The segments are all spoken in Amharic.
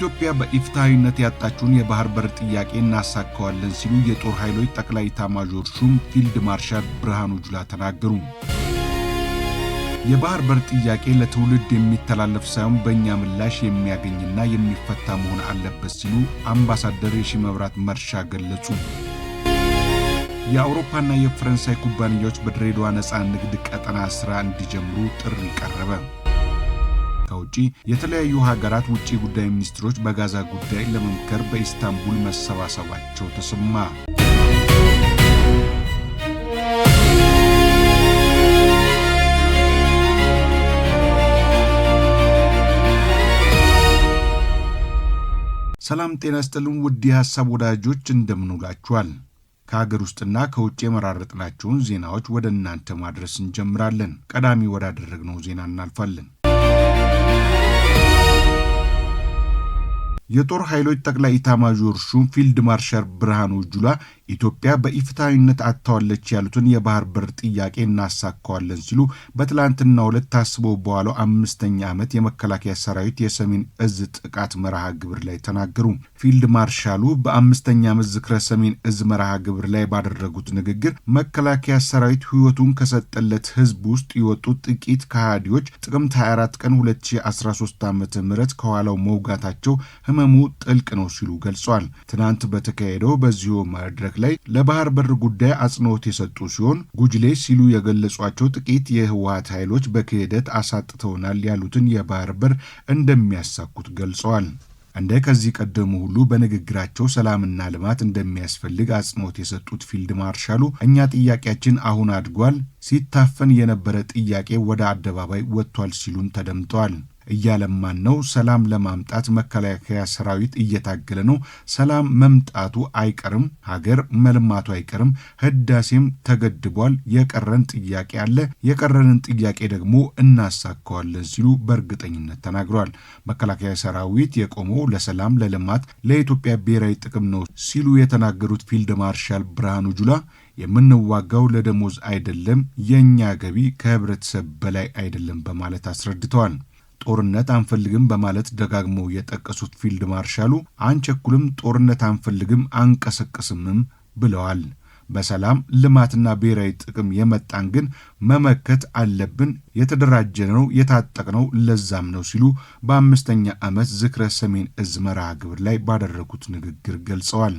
ኢትዮጵያ በኢፍትሐዊነት ያጣችውን የባህር በር ጥያቄ እናሳካዋለን ሲሉ የጦር ኃይሎች ጠቅላይ ኤታማዦር ሹም ፊልድ ማርሻል ብርሃኑ ጁላ ተናገሩ። የባህር በር ጥያቄ ለትውልድ የሚተላለፍ ሳይሆን በእኛ ምላሽ የሚያገኝና የሚፈታ መሆን አለበት ሲሉ አምባሳደር የሺመብራት መርሻ ገለጹ። የአውሮፓና የፈረንሳይ ኩባንያዎች በድሬዳዋ ነፃ ንግድ ቀጠና ሥራ እንዲጀምሩ ጥሪ ቀረበ። ከአሜሪካ ውጪ የተለያዩ ሀገራት ውጭ ጉዳይ ሚኒስትሮች በጋዛ ጉዳይ ለመምከር በኢስታንቡል መሰባሰባቸው ተሰማ። ሰላም ጤና ስጥልን ውድ የሐሳብ ወዳጆች እንደምንውላችኋል። ከሀገር ውስጥና ከውጭ የመራረጥናቸውን ዜናዎች ወደ እናንተ ማድረስ እንጀምራለን። ቀዳሚ ወዳደረግነው ዜና እናልፋለን። የጦር ኃይሎች ጠቅላይ ኢታማዦር ሹም ፊልድ ማርሻል ብርሃኑ ጁላ ኢትዮጵያ በኢፍትሐዊነት አጥተዋለች ያሉትን የባህር በር ጥያቄ እናሳካዋለን ሲሉ በትላንትናው ዕለት ታስቦ በኋላው አምስተኛ ዓመት የመከላከያ ሰራዊት የሰሜን እዝ ጥቃት መርሃ ግብር ላይ ተናገሩ። ፊልድ ማርሻሉ በአምስተኛ ዓመት ዝክረ ሰሜን እዝ መርሃ ግብር ላይ ባደረጉት ንግግር መከላከያ ሰራዊት ሕይወቱን ከሰጠለት ህዝብ ውስጥ የወጡ ጥቂት ከሃዲዎች ጥቅምት 24 ቀን 2013 ዓ ም ከኋላው መውጋታቸው ህመሙ ጥልቅ ነው ሲሉ ገልጿል። ትናንት በተካሄደው በዚሁ መድረክ ላይ ለባህር በር ጉዳይ አጽንኦት የሰጡ ሲሆን ጉጅሌ ሲሉ የገለጿቸው ጥቂት የህወሀት ኃይሎች በክህደት አሳጥተውናል ያሉትን የባህር በር እንደሚያሳኩት ገልጸዋል። እንደ ከዚህ ቀደሙ ሁሉ በንግግራቸው ሰላምና ልማት እንደሚያስፈልግ አጽንኦት የሰጡት ፊልድ ማርሻሉ እኛ ጥያቄያችን አሁን አድጓል፣ ሲታፈን የነበረ ጥያቄ ወደ አደባባይ ወጥቷል ሲሉም ተደምጠዋል። እያለማን ነው። ሰላም ለማምጣት መከላከያ ሰራዊት እየታገለ ነው። ሰላም መምጣቱ አይቀርም። ሀገር መልማቱ አይቀርም። ህዳሴም ተገድቧል። የቀረን ጥያቄ አለ። የቀረንን ጥያቄ ደግሞ እናሳካዋለን ሲሉ በእርግጠኝነት ተናግሯል። መከላከያ ሰራዊት የቆመው ለሰላም፣ ለልማት፣ ለኢትዮጵያ ብሔራዊ ጥቅም ነው ሲሉ የተናገሩት ፊልድ ማርሻል ብርሃኑ ጁላ የምንዋጋው ለደሞዝ አይደለም፣ የእኛ ገቢ ከህብረተሰብ በላይ አይደለም በማለት አስረድተዋል። ጦርነት አንፈልግም በማለት ደጋግመው የጠቀሱት ፊልድ ማርሻሉ አንቸኩልም፣ ጦርነት አንፈልግም፣ አንቀሰቅስምም ብለዋል። በሰላም ልማትና ብሔራዊ ጥቅም የመጣን ግን መመከት አለብን። የተደራጀ ነው የታጠቅ ነው ለዛም ነው ሲሉ በአምስተኛ ዓመት ዝክረ ሰሜን እዝ መርሃ ግብር ላይ ባደረጉት ንግግር ገልጸዋል።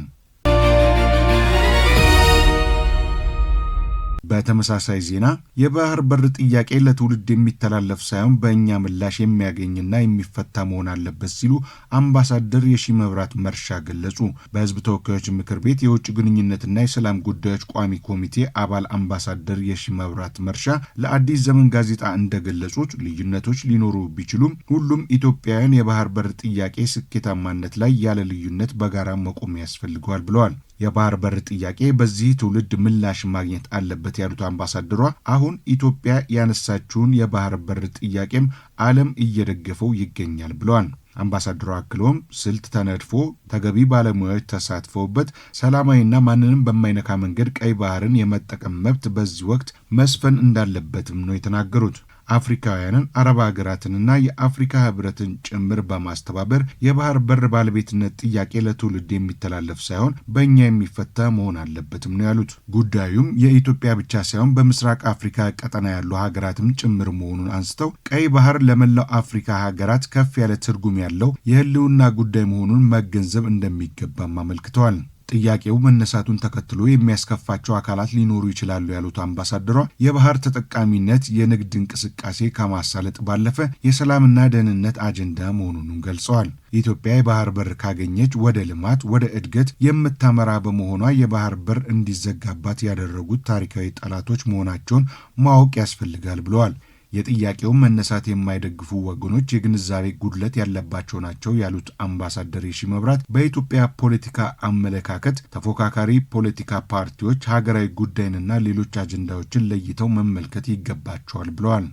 በተመሳሳይ ዜና የባህር በር ጥያቄ ለትውልድ የሚተላለፍ ሳይሆን በእኛ ምላሽ የሚያገኝና የሚፈታ መሆን አለበት ሲሉ አምባሳደር የሺ መብራት መርሻ ገለጹ። በህዝብ ተወካዮች ምክር ቤት የውጭ ግንኙነትና የሰላም ጉዳዮች ቋሚ ኮሚቴ አባል አምባሳደር የሺ መብራት መርሻ ለአዲስ ዘመን ጋዜጣ እንደገለጹት ልዩነቶች ሊኖሩ ቢችሉም ሁሉም ኢትዮጵያውያን የባህር በር ጥያቄ ስኬታማነት ላይ ያለ ልዩነት በጋራ መቆም ያስፈልገዋል ብለዋል። የባህር በር ጥያቄ በዚህ ትውልድ ምላሽ ማግኘት አለበት ያሉት አምባሳደሯ አሁን ኢትዮጵያ ያነሳችውን የባህር በር ጥያቄም ዓለም እየደገፈው ይገኛል ብለዋል። አምባሳደሩ አክለውም ስልት ተነድፎ ተገቢ ባለሙያዎች ተሳትፈውበት ሰላማዊና ማንንም በማይነካ መንገድ ቀይ ባህርን የመጠቀም መብት በዚህ ወቅት መስፈን እንዳለበትም ነው የተናገሩት። አፍሪካውያንን፣ አረብ ሀገራትንና የአፍሪካ ህብረትን ጭምር በማስተባበር የባህር በር ባለቤትነት ጥያቄ ለትውልድ የሚተላለፍ ሳይሆን በእኛ የሚፈታ መሆን አለበትም ነው ያሉት። ጉዳዩም የኢትዮጵያ ብቻ ሳይሆን በምስራቅ አፍሪካ ቀጠና ያሉ ሀገራትም ጭምር መሆኑን አንስተው ቀይ ባህር ለመላው አፍሪካ ሀገራት ከፍ ያለ ትርጉም ያለው የህልውና ጉዳይ መሆኑን መገንዘብ እንደሚገባም አመልክተዋል። ጥያቄው መነሳቱን ተከትሎ የሚያስከፋቸው አካላት ሊኖሩ ይችላሉ ያሉት አምባሳደሯ የባህር ተጠቃሚነት የንግድ እንቅስቃሴ ከማሳለጥ ባለፈ የሰላምና ደህንነት አጀንዳ መሆኑንም ገልጸዋል። ኢትዮጵያ የባህር በር ካገኘች ወደ ልማት፣ ወደ እድገት የምታመራ በመሆኗ የባህር በር እንዲዘጋባት ያደረጉት ታሪካዊ ጠላቶች መሆናቸውን ማወቅ ያስፈልጋል ብለዋል። የጥያቄውን መነሳት የማይደግፉ ወገኖች የግንዛቤ ጉድለት ያለባቸው ናቸው ያሉት አምባሳደር የሺ መብራት በኢትዮጵያ ፖለቲካ አመለካከት ተፎካካሪ ፖለቲካ ፓርቲዎች ሀገራዊ ጉዳይንና ሌሎች አጀንዳዎችን ለይተው መመልከት ይገባቸዋል ብለዋል።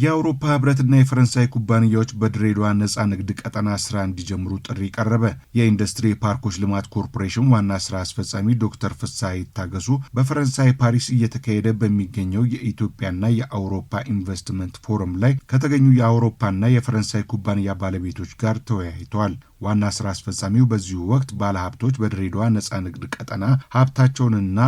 የአውሮፓ ህብረትና የፈረንሳይ ኩባንያዎች በድሬዳዋ ነፃ ንግድ ቀጠና ስራ እንዲጀምሩ ጥሪ ቀረበ። የኢንዱስትሪ ፓርኮች ልማት ኮርፖሬሽን ዋና ስራ አስፈጻሚ ዶክተር ፍስሐ ይታገሱ በፈረንሳይ ፓሪስ እየተካሄደ በሚገኘው የኢትዮጵያና የአውሮፓ ኢንቨስትመንት ፎረም ላይ ከተገኙ የአውሮፓና የፈረንሳይ ኩባንያ ባለቤቶች ጋር ተወያይተዋል። ዋና ስራ አስፈጻሚው በዚሁ ወቅት ባለሀብቶች በድሬዳዋ ነፃ ንግድ ቀጠና ሀብታቸውንና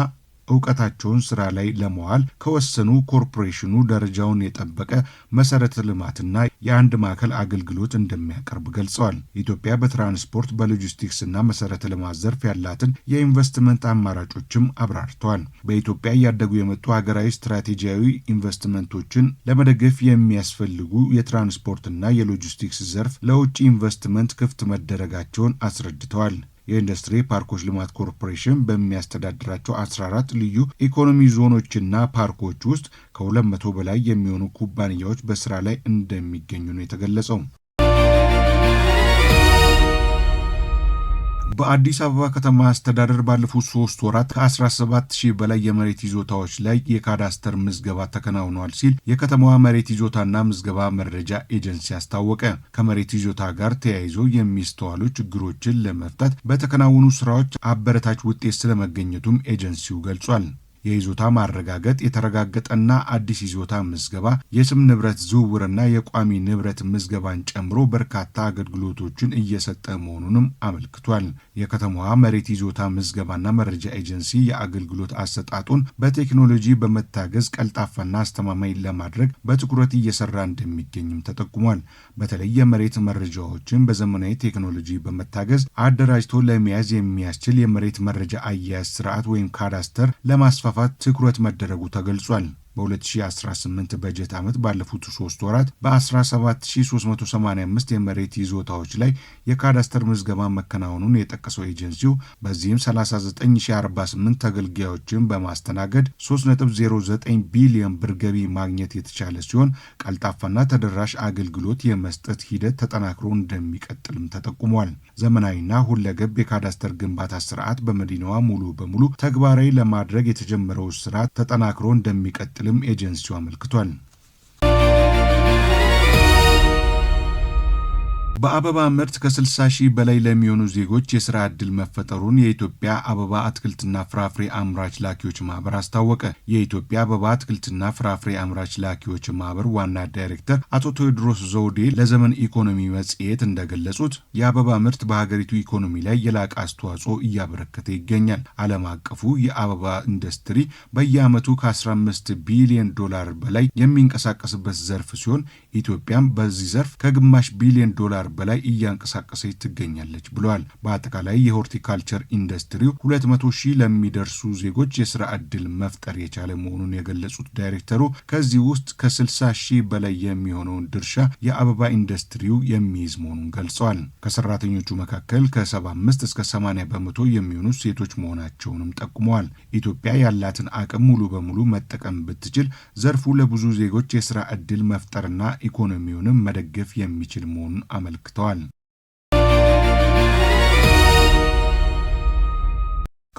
እውቀታቸውን ስራ ላይ ለመዋል ከወሰኑ ኮርፖሬሽኑ ደረጃውን የጠበቀ መሰረተ ልማትና የአንድ ማዕከል አገልግሎት እንደሚያቀርብ ገልጸዋል። ኢትዮጵያ በትራንስፖርት በሎጂስቲክስና መሰረተ ልማት ዘርፍ ያላትን የኢንቨስትመንት አማራጮችም አብራርተዋል። በኢትዮጵያ እያደጉ የመጡ ሀገራዊ ስትራቴጂያዊ ኢንቨስትመንቶችን ለመደገፍ የሚያስፈልጉ የትራንስፖርትና የሎጂስቲክስ ዘርፍ ለውጭ ኢንቨስትመንት ክፍት መደረጋቸውን አስረድተዋል። የኢንዱስትሪ ፓርኮች ልማት ኮርፖሬሽን በሚያስተዳድራቸው 14 ልዩ ኢኮኖሚ ዞኖችና ፓርኮች ውስጥ ከ200 በላይ የሚሆኑ ኩባንያዎች በስራ ላይ እንደሚገኙ ነው የተገለጸው። በአዲስ አበባ ከተማ አስተዳደር ባለፉት ሶስት ወራት ከ17 ሺህ በላይ የመሬት ይዞታዎች ላይ የካዳስተር ምዝገባ ተከናውኗል ሲል የከተማዋ መሬት ይዞታና ምዝገባ መረጃ ኤጀንሲ አስታወቀ። ከመሬት ይዞታ ጋር ተያይዞ የሚስተዋሉ ችግሮችን ለመፍታት በተከናወኑ ስራዎች አበረታች ውጤት ስለመገኘቱም ኤጀንሲው ገልጿል። የይዞታ ማረጋገጥ፣ የተረጋገጠና አዲስ ይዞታ ምዝገባ፣ የስም ንብረት ዝውውርና የቋሚ ንብረት ምዝገባን ጨምሮ በርካታ አገልግሎቶችን እየሰጠ መሆኑንም አመልክቷል። የከተማዋ መሬት ይዞታ ምዝገባና መረጃ ኤጀንሲ የአገልግሎት አሰጣጡን በቴክኖሎጂ በመታገዝ ቀልጣፋና አስተማማኝ ለማድረግ በትኩረት እየሰራ እንደሚገኝም ተጠቁሟል። በተለይ የመሬት መረጃዎችን በዘመናዊ ቴክኖሎጂ በመታገዝ አደራጅቶ ለመያዝ የሚያስችል የመሬት መረጃ አያያዝ ስርዓት ወይም ካዳስተር ለማስፋ ለማስፋፋት ትኩረት መደረጉ ተገልጿል። በ2018 በጀት ዓመት ባለፉት ሶስት ወራት በ17385 የመሬት ይዞታዎች ላይ የካዳስተር ምዝገባ መከናወኑን የጠቀሰው ኤጀንሲው በዚህም 39048 ተገልጋዮችን በማስተናገድ 3.09 ቢሊዮን ብር ገቢ ማግኘት የተቻለ ሲሆን ቀልጣፋና ተደራሽ አገልግሎት የመስጠት ሂደት ተጠናክሮ እንደሚቀጥልም ተጠቁሟል። ዘመናዊና ሁለገብ የካዳስተር ግንባታ ስርዓት በመዲናዋ ሙሉ በሙሉ ተግባራዊ ለማድረግ የተጀመረው ስርዓት ተጠናክሮ እንደሚቀጥል ዓለም ኤጀንሲው አመልክቷል። በአበባ ምርት ከ60 ሺህ በላይ ለሚሆኑ ዜጎች የስራ ዕድል መፈጠሩን የኢትዮጵያ አበባ አትክልትና ፍራፍሬ አምራች ላኪዎች ማህበር አስታወቀ። የኢትዮጵያ አበባ አትክልትና ፍራፍሬ አምራች ላኪዎች ማህበር ዋና ዳይሬክተር አቶ ቴዎድሮስ ዘውዴ ለዘመን ኢኮኖሚ መጽሔት እንደገለጹት የአበባ ምርት በሀገሪቱ ኢኮኖሚ ላይ የላቀ አስተዋጽኦ እያበረከተ ይገኛል። ዓለም አቀፉ የአበባ ኢንዱስትሪ በየዓመቱ ከ15 ቢሊዮን ዶላር በላይ የሚንቀሳቀስበት ዘርፍ ሲሆን ኢትዮጵያም በዚህ ዘርፍ ከግማሽ ቢሊዮን ዶላር ሄክታር በላይ እያንቀሳቀሰች ትገኛለች ብለዋል። በአጠቃላይ የሆርቲካልቸር ኢንዱስትሪው ሁለት መቶ ሺህ ለሚደርሱ ዜጎች የስራ ዕድል መፍጠር የቻለ መሆኑን የገለጹት ዳይሬክተሩ ከዚህ ውስጥ ከስልሳ ሺህ በላይ የሚሆነውን ድርሻ የአበባ ኢንዱስትሪው የሚይዝ መሆኑን ገልጸዋል። ከሰራተኞቹ መካከል ከ75 እስከ 80 በመቶ የሚሆኑ ሴቶች መሆናቸውንም ጠቁመዋል። ኢትዮጵያ ያላትን አቅም ሙሉ በሙሉ መጠቀም ብትችል ዘርፉ ለብዙ ዜጎች የስራ ዕድል መፍጠርና ኢኮኖሚውንም መደገፍ የሚችል መሆኑን አመልክ አመልክተዋል።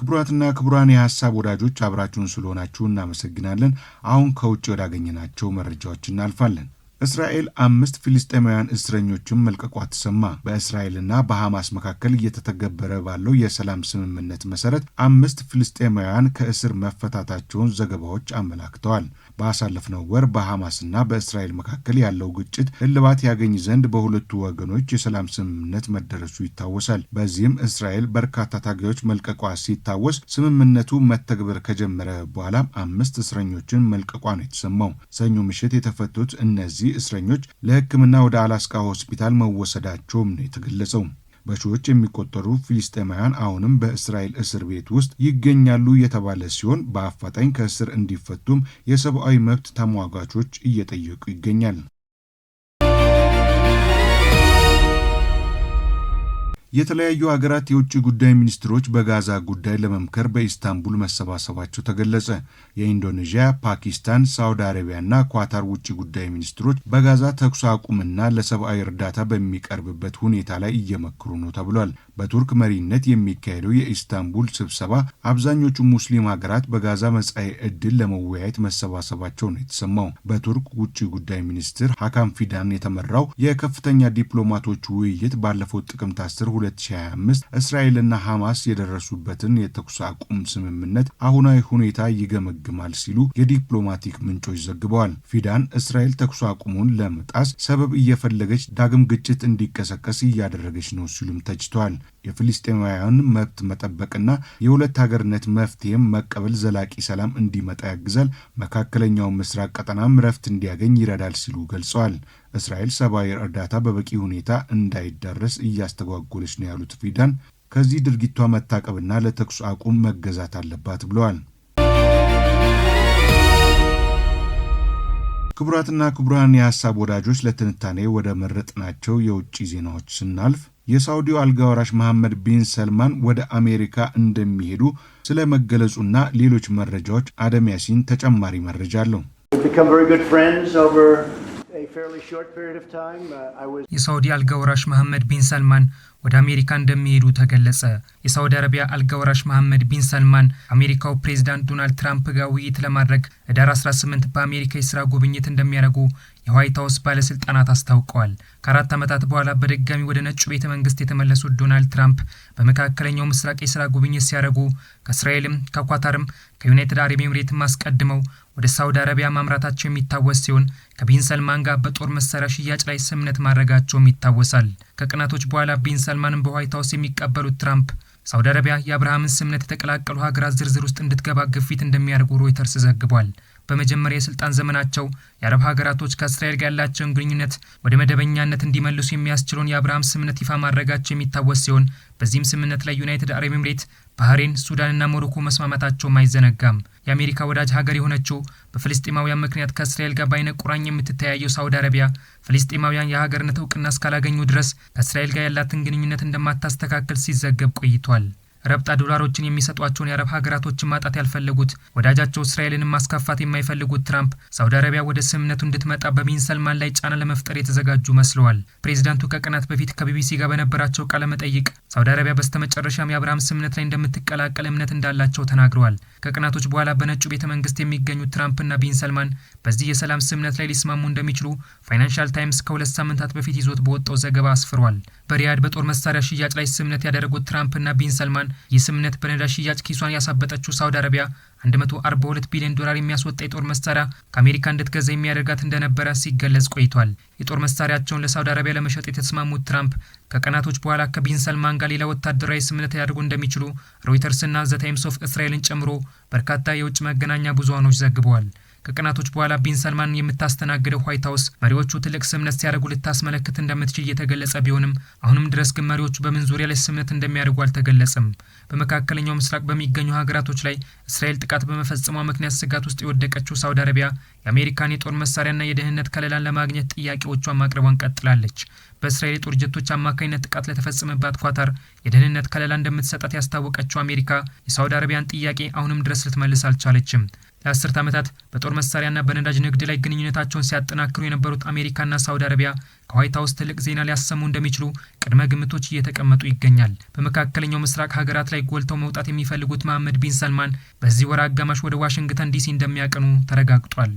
ክቡራትና ክቡራን የሀሳብ ወዳጆች አብራችሁን ስለሆናችሁ እናመሰግናለን። አሁን ከውጭ ወዳገኘናቸው መረጃዎች እናልፋለን። እስራኤል አምስት ፊልስጤማውያን እስረኞችን መልቀቋ ተሰማ። በእስራኤልና በሐማስ መካከል እየተተገበረ ባለው የሰላም ስምምነት መሰረት አምስት ፊልስጤማውያን ከእስር መፈታታቸውን ዘገባዎች አመላክተዋል። ባሳለፍነው ወር በሐማስና በእስራኤል መካከል ያለው ግጭት እልባት ያገኝ ዘንድ በሁለቱ ወገኖች የሰላም ስምምነት መደረሱ ይታወሳል። በዚህም እስራኤል በርካታ ታጋዮች መልቀቋ ሲታወስ ስምምነቱ መተግበር ከጀመረ በኋላ አምስት እስረኞችን መልቀቋ ነው የተሰማው። ሰኞ ምሽት የተፈቱት እነዚህ እስረኞች ለሕክምና ወደ አላስካ ሆስፒታል መወሰዳቸውም ነው የተገለጸው። በሺዎች የሚቆጠሩ ፊልስጤማውያን አሁንም በእስራኤል እስር ቤት ውስጥ ይገኛሉ የተባለ ሲሆን በአፋጣኝ ከእስር እንዲፈቱም የሰብአዊ መብት ተሟጋቾች እየጠየቁ ይገኛል። የተለያዩ ሀገራት የውጭ ጉዳይ ሚኒስትሮች በጋዛ ጉዳይ ለመምከር በኢስታንቡል መሰባሰባቸው ተገለጸ። የኢንዶኔዥያ፣ ፓኪስታን፣ ሳውዲ አረቢያና ኳታር ውጭ ጉዳይ ሚኒስትሮች በጋዛ ተኩስ አቁምና ለሰብአዊ እርዳታ በሚቀርብበት ሁኔታ ላይ እየመከሩ ነው ተብሏል። በቱርክ መሪነት የሚካሄደው የኢስታንቡል ስብሰባ አብዛኞቹ ሙስሊም ሀገራት በጋዛ መጻኤ ዕድል ለመወያየት መሰባሰባቸው ነው የተሰማው። በቱርክ ውጭ ጉዳይ ሚኒስትር ሀካም ፊዳን የተመራው የከፍተኛ ዲፕሎማቶች ውይይት ባለፈው ጥቅምት አስር 2025 እስራኤልና ሐማስ የደረሱበትን የተኩስ አቁም ስምምነት አሁናዊ ሁኔታ ይገመግማል ሲሉ የዲፕሎማቲክ ምንጮች ዘግበዋል። ፊዳን እስራኤል ተኩስ አቁሙን ለመጣስ ሰበብ እየፈለገች ዳግም ግጭት እንዲቀሰቀስ እያደረገች ነው ሲሉም ተችተዋል። የፍልስጤማውያን መብት መጠበቅና የሁለት ሀገርነት መፍትሄም መቀበል ዘላቂ ሰላም እንዲመጣ ያግዛል፣ መካከለኛው ምስራቅ ቀጠናም ረፍት እንዲያገኝ ይረዳል ሲሉ ገልጸዋል። እስራኤል ሰብአዊ እርዳታ በበቂ ሁኔታ እንዳይዳረስ እያስተጓጎለች ነው ያሉት ፊዳን ከዚህ ድርጊቷ መታቀብና ለተኩስ አቁም መገዛት አለባት ብለዋል። ክቡራትና ክቡራን የሀሳብ ወዳጆች ለትንታኔ ወደ መረጥናቸው የውጭ ዜናዎች ስናልፍ የሳውዲው አልጋ ወራሽ መሐመድ ቢን ሰልማን ወደ አሜሪካ እንደሚሄዱ ስለ መገለጹና ሌሎች መረጃዎች አደም ያሲን ተጨማሪ መረጃ አለው። Uh, የሳዑዲ አልጋወራሽ መሐመድ ቢን ሰልማን ወደ አሜሪካ እንደሚሄዱ ተገለጸ። የሳውዲ አረቢያ አልጋወራሽ መሐመድ ቢን ሰልማን አሜሪካው ፕሬዚዳንት ዶናልድ ትራምፕ ጋር ውይይት ለማድረግ ህዳር 18 በአሜሪካ የስራ ጉብኝት እንደሚያደርጉ የዋይት ሀውስ ባለስልጣናት አስታውቀዋል። ከአራት ዓመታት በኋላ በድጋሚ ወደ ነጩ ቤተ መንግስት የተመለሱት ዶናልድ ትራምፕ በመካከለኛው ምስራቅ የስራ ጉብኝት ሲያደርጉ ከእስራኤልም ከኳታርም ከዩናይትድ አረብ ኤምሬትም አስቀድመው ወደ ሳውዲ አረቢያ ማምራታቸው የሚታወስ ሲሆን ከቢን ሰልማን ጋር በጦር መሳሪያ ሽያጭ ላይ ስምነት ማድረጋቸውም ይታወሳል። ከቀናቶች በኋላ ቢን ሰልማንም በዋይት ሀውስ የሚቀበሉት ትራምፕ ሳውዲ አረቢያ የአብርሃምን ስምነት የተቀላቀሉ ሀገራት ዝርዝር ውስጥ እንድትገባ ግፊት እንደሚያደርጉ ሮይተርስ ዘግቧል። በመጀመሪያ የስልጣን ዘመናቸው የአረብ ሀገራቶች ከእስራኤል ጋር ያላቸውን ግንኙነት ወደ መደበኛነት እንዲመልሱ የሚያስችለውን የአብርሃም ስምምነት ይፋ ማድረጋቸው የሚታወስ ሲሆን በዚህም ስምምነት ላይ ዩናይትድ አረብ ኤምሬት፣ ባህሬን፣ ሱዳንና ሞሮኮ መስማማታቸውም አይዘነጋም። የአሜሪካ ወዳጅ ሀገር የሆነችው በፍልስጤማውያን ምክንያት ከእስራኤል ጋር በአይነ ቁራኝ የምትተያየው ሳውዲ አረቢያ ፍልስጤማውያን የሀገርነት እውቅና እስካላገኙ ድረስ ከእስራኤል ጋር ያላትን ግንኙነት እንደማታስተካከል ሲዘገብ ቆይቷል። ረብጣ ዶላሮችን የሚሰጧቸውን የአረብ ሀገራቶችን ማጣት ያልፈለጉት ወዳጃቸው እስራኤልን ማስከፋት የማይፈልጉት ትራምፕ ሳውዲ አረቢያ ወደ ስምምነቱ እንድትመጣ በቢን ሰልማን ላይ ጫና ለመፍጠር የተዘጋጁ መስለዋል። ፕሬዚዳንቱ ከቀናት በፊት ከቢቢሲ ጋር በነበራቸው ቃለ መጠይቅ ሳውዲ አረቢያ በስተመጨረሻም የአብርሃም ስምምነት ላይ እንደምትቀላቀል እምነት እንዳላቸው ተናግረዋል። ከቀናቶች በኋላ በነጩ ቤተ መንግስት የሚገኙት ትራምፕና ቢን ሰልማን በዚህ የሰላም ስምምነት ላይ ሊስማሙ እንደሚችሉ ፋይናንሻል ታይምስ ከሁለት ሳምንታት በፊት ይዞት በወጣው ዘገባ አስፍሯል። በሪያድ በጦር መሳሪያ ሽያጭ ላይ ስምምነት ያደረጉት ትራምፕና ቢን ሰልማን ይህ ስምምነት በነዳጅ ሽያጭ ኪሷን ያሳበጠችው ሳውዲ አረቢያ 142 ቢሊዮን ዶላር የሚያስወጣ የጦር መሳሪያ ከአሜሪካ እንድትገዛ የሚያደርጋት እንደነበረ ሲገለጽ ቆይቷል። የጦር መሳሪያቸውን ለሳውዲ አረቢያ ለመሸጥ የተስማሙት ትራምፕ ከቀናቶች በኋላ ከቢን ሰልማን ጋር ሌላ ወታደራዊ ስምምነት ሊያደርጉ እንደሚችሉ ሮይተርስና ዘ ታይምስ ኦፍ እስራኤልን ጨምሮ በርካታ የውጭ መገናኛ ብዙሃኖች ዘግበዋል። ከቀናቶች በኋላ ቢን ሰልማን የምታስተናግደው ዋይት ሀውስ መሪዎቹ ትልቅ ስምነት ሲያደርጉ ልታስመለክት እንደምትችል እየተገለጸ ቢሆንም አሁንም ድረስ ግን መሪዎቹ በምን ዙሪያ ላይ ስምነት እንደሚያደርጉ አልተገለጸም። በመካከለኛው ምስራቅ በሚገኙ ሀገራቶች ላይ እስራኤል ጥቃት በመፈጸሟ ምክንያት ስጋት ውስጥ የወደቀችው ሳውዲ አረቢያ የአሜሪካን የጦር መሳሪያና የደህንነት ከለላን ለማግኘት ጥያቄዎቿን ማቅረቧን ቀጥላለች። በእስራኤል የጦር ጀቶች አማካኝነት ጥቃት ለተፈጸመባት ኳታር የደህንነት ከለላ እንደምትሰጣት ያስታወቀችው አሜሪካ የሳውዲ አረቢያን ጥያቄ አሁንም ድረስ ልትመልስ አልቻለችም። ለአስርት ዓመታት በጦር መሳሪያና በነዳጅ ንግድ ላይ ግንኙነታቸውን ሲያጠናክሩ የነበሩት አሜሪካና ሳውዲ አረቢያ ከዋይት ሀውስ ትልቅ ዜና ሊያሰሙ እንደሚችሉ ቅድመ ግምቶች እየተቀመጡ ይገኛል። በመካከለኛው ምስራቅ ሀገራት ላይ ጎልተው መውጣት የሚፈልጉት መሐመድ ቢን ሰልማን በዚህ ወር አጋማሽ ወደ ዋሽንግተን ዲሲ እንደሚያቀኑ ተረጋግጧል።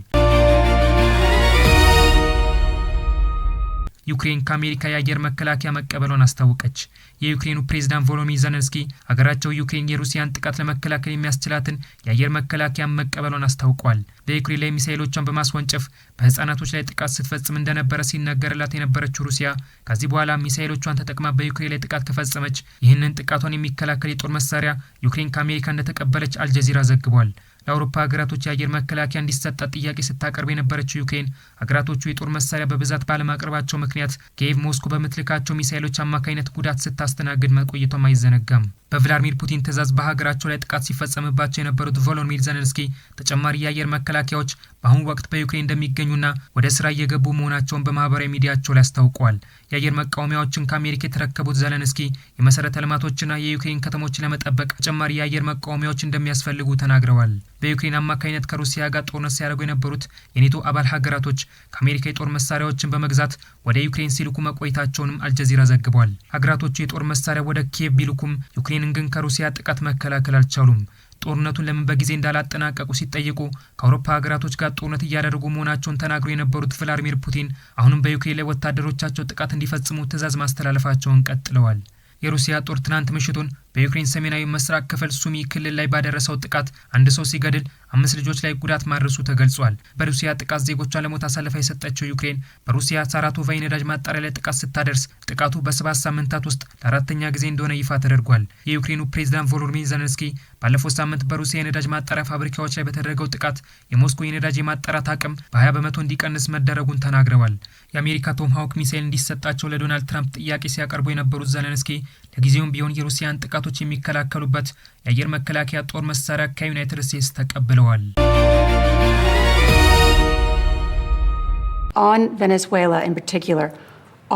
ዩክሬን ከአሜሪካ የአየር መከላከያ መቀበሏን አስታወቀች። የዩክሬኑ ፕሬዝዳንት ቮሎዲሚር ዘለንስኪ ሀገራቸው ዩክሬን የሩሲያን ጥቃት ለመከላከል የሚያስችላትን የአየር መከላከያ መቀበሏን አስታውቋል። በዩክሬን ላይ ሚሳይሎቿን በማስወንጨፍ በህጻናቶች ላይ ጥቃት ስትፈጽም እንደነበረ ሲነገርላት የነበረችው ሩሲያ ከዚህ በኋላ ሚሳይሎቿን ተጠቅማ በዩክሬን ላይ ጥቃት ከፈጸመች ይህንን ጥቃቷን የሚከላከል የጦር መሳሪያ ዩክሬን ከአሜሪካ እንደተቀበለች አልጀዚራ ዘግቧል። ለአውሮፓ ሀገራቶች የአየር መከላከያ እንዲሰጣት ጥያቄ ስታቀርብ የነበረችው ዩክሬን ሀገራቶቹ የጦር መሳሪያ በብዛት ባለማቅረባቸው ምክንያት ኪየቭ ሞስኮ በምትልካቸው ሚሳይሎች አማካኝነት ጉዳት ስታስተናግድ መቆየቷም አይዘነጋም። በቭላዲሚር ፑቲን ትዕዛዝ በሀገራቸው ላይ ጥቃት ሲፈጸምባቸው የነበሩት ቮሎዲሚር ዘለንስኪ ተጨማሪ የአየር መከላከያዎች በአሁኑ ወቅት በዩክሬን እንደሚገኙና ወደ ስራ እየገቡ መሆናቸውን በማህበራዊ ሚዲያቸው ላይ አስታውቀዋል። የአየር መቃወሚያዎችን ከአሜሪካ የተረከቡት ዘለንስኪ የመሰረተ ልማቶችና የዩክሬን ከተሞች ለመጠበቅ ተጨማሪ የአየር መቃወሚያዎች እንደሚያስፈልጉ ተናግረዋል። በዩክሬን አማካኝነት ከሩሲያ ጋር ጦርነት ሲያደርጉ የነበሩት የኔቶ አባል ሀገራቶች ከአሜሪካ የጦር መሳሪያዎችን በመግዛት ወደ ዩክሬን ሲልኩ መቆየታቸውንም አልጀዚራ ዘግቧል። ሀገራቶቹ የጦር መሳሪያ ወደ ኪየቭ ቢልኩም ዩክሬንን ግን ከሩሲያ ጥቃት መከላከል አልቻሉም። ጦርነቱን ለምን በጊዜ እንዳላጠናቀቁ ሲጠየቁ ከአውሮፓ ሀገራቶች ጋር ጦርነት እያደረጉ መሆናቸውን ተናግሮ የነበሩት ቭላዲሚር ፑቲን አሁንም በዩክሬን ላይ ወታደሮቻቸው ጥቃት እንዲፈጽሙ ትዕዛዝ ማስተላለፋቸውን ቀጥለዋል። የሩሲያ ጦር ትናንት ምሽቱን በዩክሬን ሰሜናዊ ምስራቅ ክፍል ሱሚ ክልል ላይ ባደረሰው ጥቃት አንድ ሰው ሲገድል አምስት ልጆች ላይ ጉዳት ማድረሱ ተገልጿል። በሩሲያ ጥቃት ዜጎቿን ለሞት አሳልፋ የሰጠችው ዩክሬን በሩሲያ ሳራቶቫ የነዳጅ ማጣሪያ ላይ ጥቃት ስታደርስ ጥቃቱ በሰባት ሳምንታት ውስጥ ለአራተኛ ጊዜ እንደሆነ ይፋ ተደርጓል። የዩክሬኑ ፕሬዚዳንት ቮሎዲሚር ዘለንስኪ ባለፈው ሳምንት በሩሲያ የነዳጅ ማጣሪያ ፋብሪካዎች ላይ በተደረገው ጥቃት የሞስኮ የነዳጅ የማጣራት አቅም በ20 በመቶ እንዲቀንስ መደረጉን ተናግረዋል። የአሜሪካ ቶም ሀውክ ሚሳይል እንዲሰጣቸው ለዶናልድ ትራምፕ ጥያቄ ሲያቀርቡ የነበሩት ዘለንስኪ ለጊዜውም ቢሆን የሩሲያን ጥቃት ጥቃቶች የሚከላከሉበት የአየር መከላከያ ጦር መሳሪያ ከዩናይትድ ስቴትስ ተቀብለዋል። On Venezuela in particular.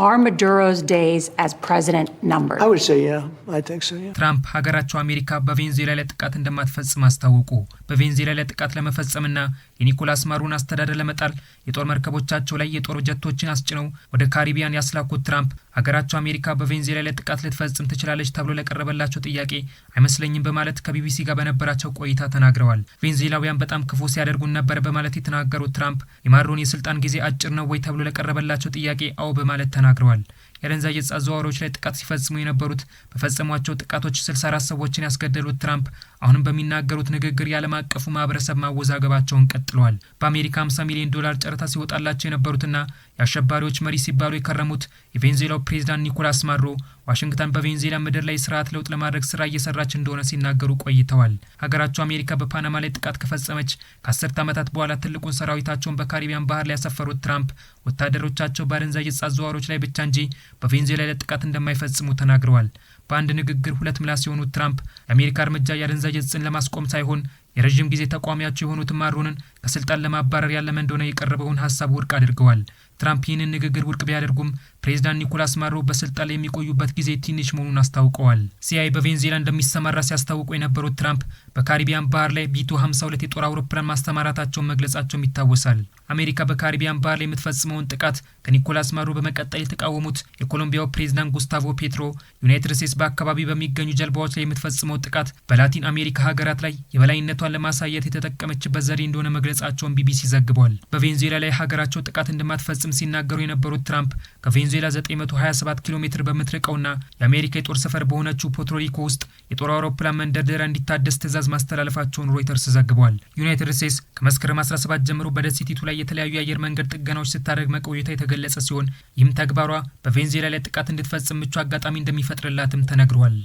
Are Maduro's days as president numbered? I would say yeah. I think so, yeah. ትራምፕ ሀገራቸው አሜሪካ በቬንዙዌላ ላይ ጥቃት እንደማትፈጽም አስታወቁ። በቬንዙዌላ ላይ ጥቃት ለመፈጸምና የኒኮላስ ማሩን አስተዳደር ለመጣል የጦር መርከቦቻቸው ላይ የጦር ጀቶችን አስጭነው ወደ ካሪቢያን ያስላኩት ትራምፕ ሀገራቸው አሜሪካ በቬንዙዌላ ላይ ጥቃት ልትፈጽም ትችላለች ተብሎ ለቀረበላቸው ጥያቄ አይመስለኝም በማለት ከቢቢሲ ጋር በነበራቸው ቆይታ ተናግረዋል። ቬንዙዌላውያን በጣም ክፉ ሲያደርጉን ነበር በማለት የተናገሩት ትራምፕ የማሩን የስልጣን ጊዜ አጭር ነው ወይ ተብሎ ለቀረበላቸው ጥያቄ አዎ በማለት ተናግረዋል። ተናግረዋል። የአደንዛዥ እጽ አዘዋዋሪዎች ላይ ጥቃት ሲፈጽሙ የነበሩት በፈጸሟቸው ጥቃቶች 64 ሰዎችን ያስገደሉት ትራምፕ አሁንም በሚናገሩት ንግግር የዓለም አቀፉ ማህበረሰብ ማወዛገባቸውን ቀጥለዋል። በአሜሪካ 50 ሚሊዮን ዶላር ጨረታ ሲወጣላቸው የነበሩትና የአሸባሪዎች መሪ ሲባሉ የከረሙት የቬንዙዌላው ፕሬዚዳንት ኒኮላስ ማሮ ዋሽንግተን በቬንዙዌላ ምድር ላይ ስርዓት ለውጥ ለማድረግ ስራ እየሰራች እንደሆነ ሲናገሩ ቆይተዋል። ሀገራቸው አሜሪካ በፓናማ ላይ ጥቃት ከፈጸመች ከአስርት ዓመታት በኋላ ትልቁን ሰራዊታቸውን በካሪቢያን ባህር ላይ ያሰፈሩት ትራምፕ ወታደሮቻቸው በአደንዛዥ እጽ አዘዋዋሪዎች ላይ ብቻ እንጂ በቬንዙዌላ ላይ ጥቃት እንደማይፈጽሙ ተናግረዋል። በአንድ ንግግር ሁለት ምላስ የሆኑት ትራምፕ የአሜሪካ እርምጃ የአደንዛዥ ዕፅን ለማስቆም ሳይሆን የረዥም ጊዜ ተቋሚያቸው የሆኑት ማሮንን ከስልጣን ለማባረር ያለመ እንደሆነ የቀረበውን ሀሳብ ውድቅ አድርገዋል። ትራምፕ ይህንን ንግግር ውድቅ ቢያደርጉም ፕሬዚዳንት ኒኮላስ ማሮ በስልጣን ላይ የሚቆዩበት ጊዜ ትንሽ መሆኑን አስታውቀዋል። ሲአይ በቬንዙዌላ እንደሚሰማራ ሲያስታውቁ የነበሩት ትራምፕ በካሪቢያን ባህር ላይ ቢቱ 52 የጦር አውሮፕላን ማስተማራታቸውን መግለጻቸውም ይታወሳል። አሜሪካ በካሪቢያን ባህር ላይ የምትፈጽመውን ጥቃት ከኒኮላስ ማሮ በመቀጠል የተቃወሙት የኮሎምቢያው ፕሬዚዳንት ጉስታቮ ፔትሮ ዩናይትድ ስቴትስ በአካባቢ በሚገኙ ጀልባዎች ላይ የምትፈጽመው ጥቃት በላቲን አሜሪካ ሀገራት ላይ የበላይነት ማንነቷን ለማሳየት የተጠቀመችበት ዘዴ እንደሆነ መግለጻቸውን ቢቢሲ ዘግቧል። በቬንዙዌላ ላይ ሀገራቸው ጥቃት እንደማትፈጽም ሲናገሩ የነበሩት ትራምፕ ከቬንዙዌላ 927 ኪሎ ሜትር በምትርቀውና የአሜሪካ የጦር ሰፈር በሆነችው ፖርቶሪኮ ውስጥ የጦር አውሮፕላን መንደርደሪያ እንዲታደስ ትዕዛዝ ማስተላለፋቸውን ሮይተርስ ዘግቧል። ዩናይትድ ስቴትስ ከመስከረም 17 ጀምሮ በደሴቲቱ ላይ የተለያዩ የአየር መንገድ ጥገናዎች ስታደርግ መቆየቷ የተገለጸ ሲሆን ይህም ተግባሯ በቬንዙዌላ ላይ ጥቃት እንድትፈጽም ምቹ አጋጣሚ እንደሚፈጥርላትም ተነግሯል።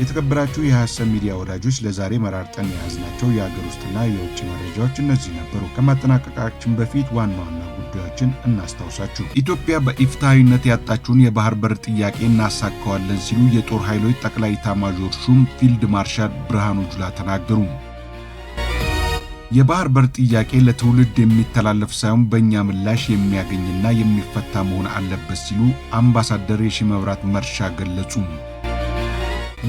የተከበራችሁ የሐሰብ ሚዲያ ወዳጆች ለዛሬ መራርጠን የያዝናቸው የአገር ውስጥና የውጭ መረጃዎች እነዚህ ነበሩ። ከማጠናቀቃችን በፊት ዋና ዋና ጉዳዮችን እናስታውሳችሁ። ኢትዮጵያ በኢፍትሐዊነት ያጣችውን የባህር በር ጥያቄ እናሳካዋለን ሲሉ የጦር ኃይሎች ጠቅላይ ኤታማዦር ሹም ፊልድ ማርሻል ብርሃኑ ጁላ ተናገሩ። የባህር በር ጥያቄ ለትውልድ የሚተላለፍ ሳይሆን በእኛ ምላሽ የሚያገኝና የሚፈታ መሆን አለበት ሲሉ አምባሳደር የሺ መብራት መርሻ ገለጹ።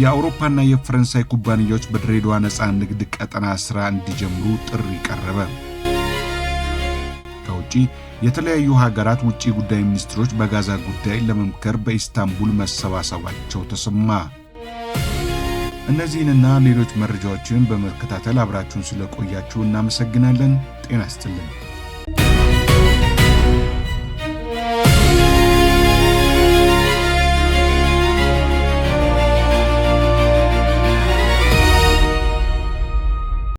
የአውሮፓና የፈረንሳይ ኩባንያዎች በድሬዳዋ ነፃ ንግድ ቀጠና ሥራ እንዲጀምሩ ጥሪ ቀረበ። ከውጪ የተለያዩ ሀገራት ውጭ ጉዳይ ሚኒስትሮች በጋዛ ጉዳይ ለመምከር በኢስታንቡል መሰባሰባቸው ተሰማ። እነዚህንና ሌሎች መረጃዎችን በመከታተል አብራችሁን ስለቆያችሁ እናመሰግናለን። ጤና ይስጥልን።